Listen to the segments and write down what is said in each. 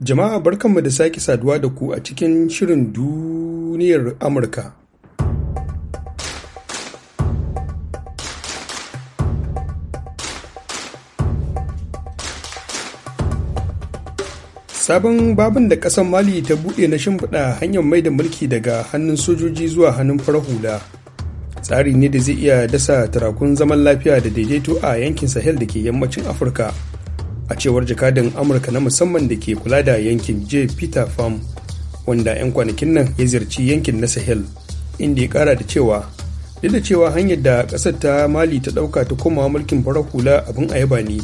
Jama'a barkanmu da sake saduwa da ku a cikin shirin duniyar Amurka. Sabon babin da ƙasar Mali ta buɗe na shimfiɗa hanyar mai da mulki daga hannun sojoji zuwa hannun farar hula. Tsari ne da zai iya dasa tarakun zaman lafiya da daidaito a yankin Sahel da ke yammacin Afirka. a cewar jakadan amurka na musamman da ke kula da yankin j peter farm wanda 'yan kwanakin nan ya ziyarci yankin na sahel inda ya kara da cewa duk da cewa hanyar da ƙasar ta mali ta ɗauka ta komawa mulkin farar hula abin ayaba ne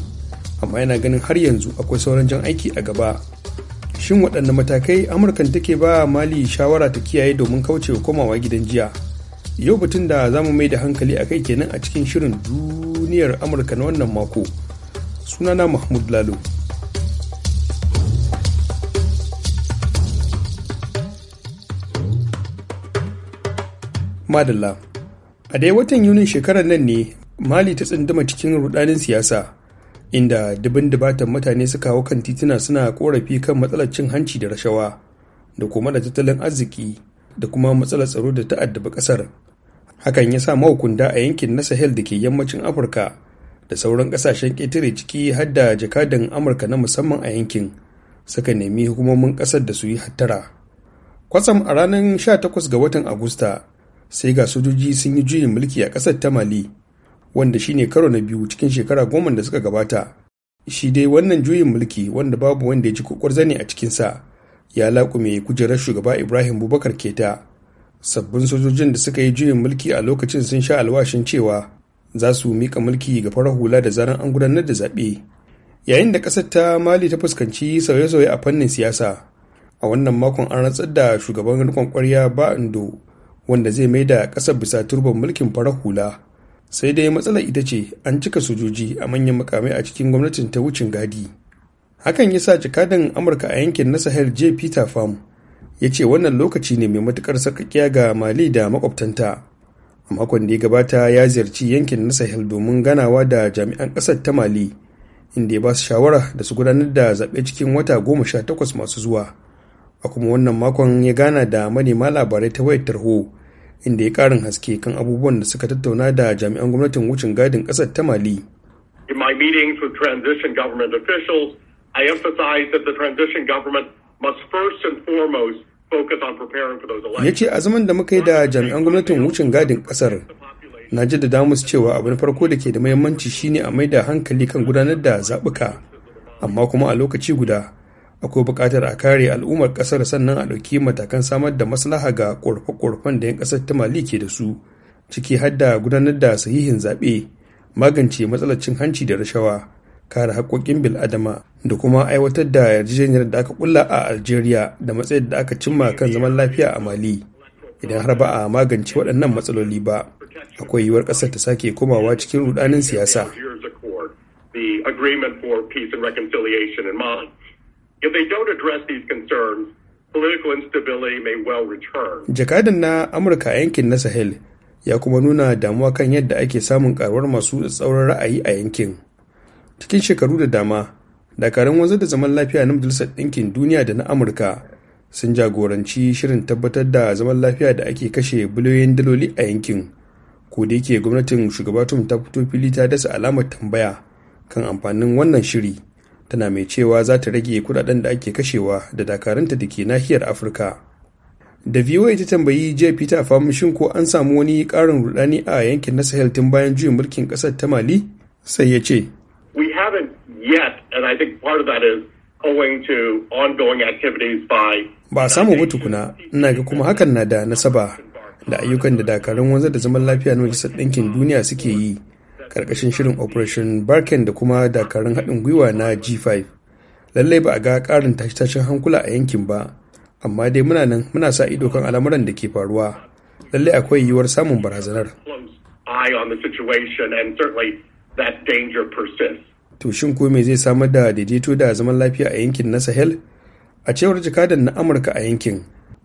amma yana ganin har yanzu akwai sauran jan aiki a gaba shin waɗanne matakai amurkan take ba mali shawara ta kiyaye domin kaucewa komawa gidan jiya yau batun da za mu mai da hankali a kai kenan a cikin shirin duniyar amurka na wannan mako sunana mahmud lalo madalla a dai watan yunin shekarar nan ne mali ta tsindama cikin rudanin siyasa inda dubin dubatan mutane suka hau kan tituna suna korafi kan matsalar cin hanci da rashawa da kuma da tattalin arziki da kuma matsalar tsaro da ta addaba kasar hakan ya sa mahukunta a yankin na sahel da ke yammacin afirka da sauran kasashen ƙetare ciki har da jakadan amurka na musamman a yankin suka nemi hukumomin ƙasar da su yi hattara kwatsam a ranar 18 ga watan agusta sai ga sojoji sun yi juyin mulki a ƙasar ta mali wanda shine karo na biyu cikin shekara goma da suka gabata shi dai wannan juyin mulki wanda babu wanda ya ji kukwar zane a cikinsa ya laƙume kujerar shugaba ibrahim bubakar keta sabbin sojojin da suka yi juyin mulki a lokacin sun sha alwashin cewa za su mika mulki ga farar hula da zaran an gudanar da zaɓe yayin da ƙasar ta mali ta fuskanci sauye-sauye a fannin siyasa a wannan makon an rantsar da shugaban rikon kwarya ba indo wanda zai mai da ƙasar bisa turban mulkin farar hula sai dai matsalar ita ce an cika sojoji a manyan makamai a cikin gwamnatin ta wucin gadi hakan ya sa jakadan amurka a yankin na sahel j peter farm ya ce wannan lokaci ne mai matukar sakakkiya ga mali da makwabtanta a makon da ya gabata ya ziyarci yankin na sahel domin ganawa da jami'an ƙasar ta mali inda ya ba su shawara da su gudanar da zaɓe cikin wata goma sha takwas masu zuwa a kuma wannan makon ya gana da manema labarai ta wayar tarho inda ya ƙarin haske kan abubuwan da suka tattauna da jami'an gwamnatin wucin gadin ƙasar ta mali In my meetings with transition government I emphasize that the transition government must first and foremost ya ce a zaman da muka yi da jami'an gwamnatin wucin gadin kasar na ji da damus cewa abu na farko da ke da muhimmanci shine a da hankali kan gudanar da zaɓuka amma kuma a lokaci guda akwai buƙatar a kare al'ummar ƙasar sannan a ɗauki matakan samar da maslaha ga ƙorafe-ƙorafen da 'yan ƙasar ta mali ke da su ciki har gudanar da sahihin zaɓe magance matsalar cin hanci da rashawa kare haƙoƙin bil'adama da kuma aiwatar da yarjejeniyar da aka kulla a algeria da matsayin da aka cimma kan zaman lafiya a mali idan har ba a magance waɗannan matsaloli ba akwai yiwuwar ƙasar ta sake komawa cikin rudanin siyasa jakadan na amurka a yankin na sahel ya kuma nuna damuwa kan yadda ake samun karuwar masu tsauran ra'ayi a yankin cikin shekaru da dama dakarun wanzar da zaman lafiya na majalisar ɗinkin duniya da na amurka sun jagoranci shirin tabbatar da zaman lafiya da ake kashe biliyoyin daloli a yankin ko da yake gwamnatin shugaba tum ta fito fili ta dasa alamar tambaya kan amfanin wannan shiri tana mai cewa za ta rage kudaden da ake kashewa da dakarunta da ke nahiyar afirka da voa ta tambayi jiya peter shin ko an samu wani karin rudani a yankin na sahel tun bayan juyin mulkin kasar ta mali sai ya ce yet, and I think part of that is owing to ongoing activities by. Ba samu ba tukuna, ina ga kuma hakan na da nasaba da ayyukan da dakarun wanzar da zaman lafiya na Majalisar Ɗinkin Duniya suke yi karkashin shirin Operation Barken da kuma dakarun haɗin gwiwa na G5. Lallai ba a ga ƙarin tashe-tashen hankula a yankin ba, amma dai muna nan muna sa ido kan al'amuran da ke faruwa. Lallai akwai yiwuwar samun barazanar. Eye on the situation and certainly that danger persists. to shin ko me zai samar da daidaito da zaman lafiya a yankin na sahel a cewar jakadan na amurka a yankin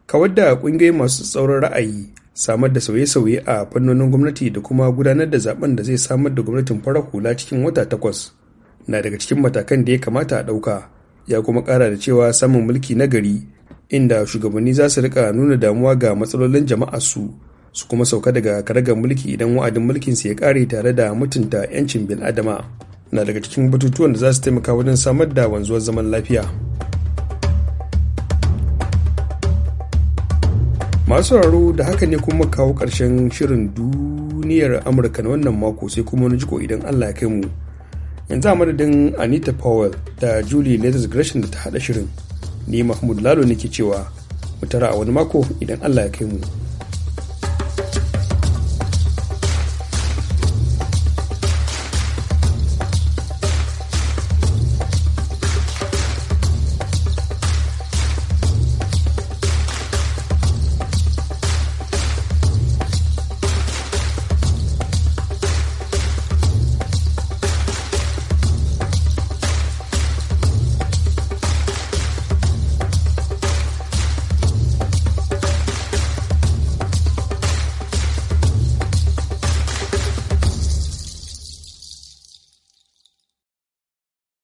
kawar da kungiyoyi masu tsaurin ra'ayi samar da sauye-sauye a fannonin gwamnati da kuma gudanar da zaben da zai samar da gwamnatin fara hula cikin wata takwas na daga cikin matakan da ya kamata a ɗauka ya kuma ƙara da cewa samun mulki na gari inda shugabanni za su rika nuna damuwa ga matsalolin jama'a su su kuma sauka daga karagar mulki idan wa'adin mulkin su ya ƙare tare da mutunta 'yancin bil'adama. adama na daga cikin batutuwan da za su taimaka wajen samar da wanzuwar zaman lafiya masu sauraro da haka ne kuma kawo ƙarshen shirin duniyar amurka na wannan mako sai kuma wani jiko idan allah ya kai mu yanzu a madadin anita powell da julie letters gresham da ta hada shirin ne mahmud lalo ne ke cewa mu tara a wani mako idan allah ya kai mu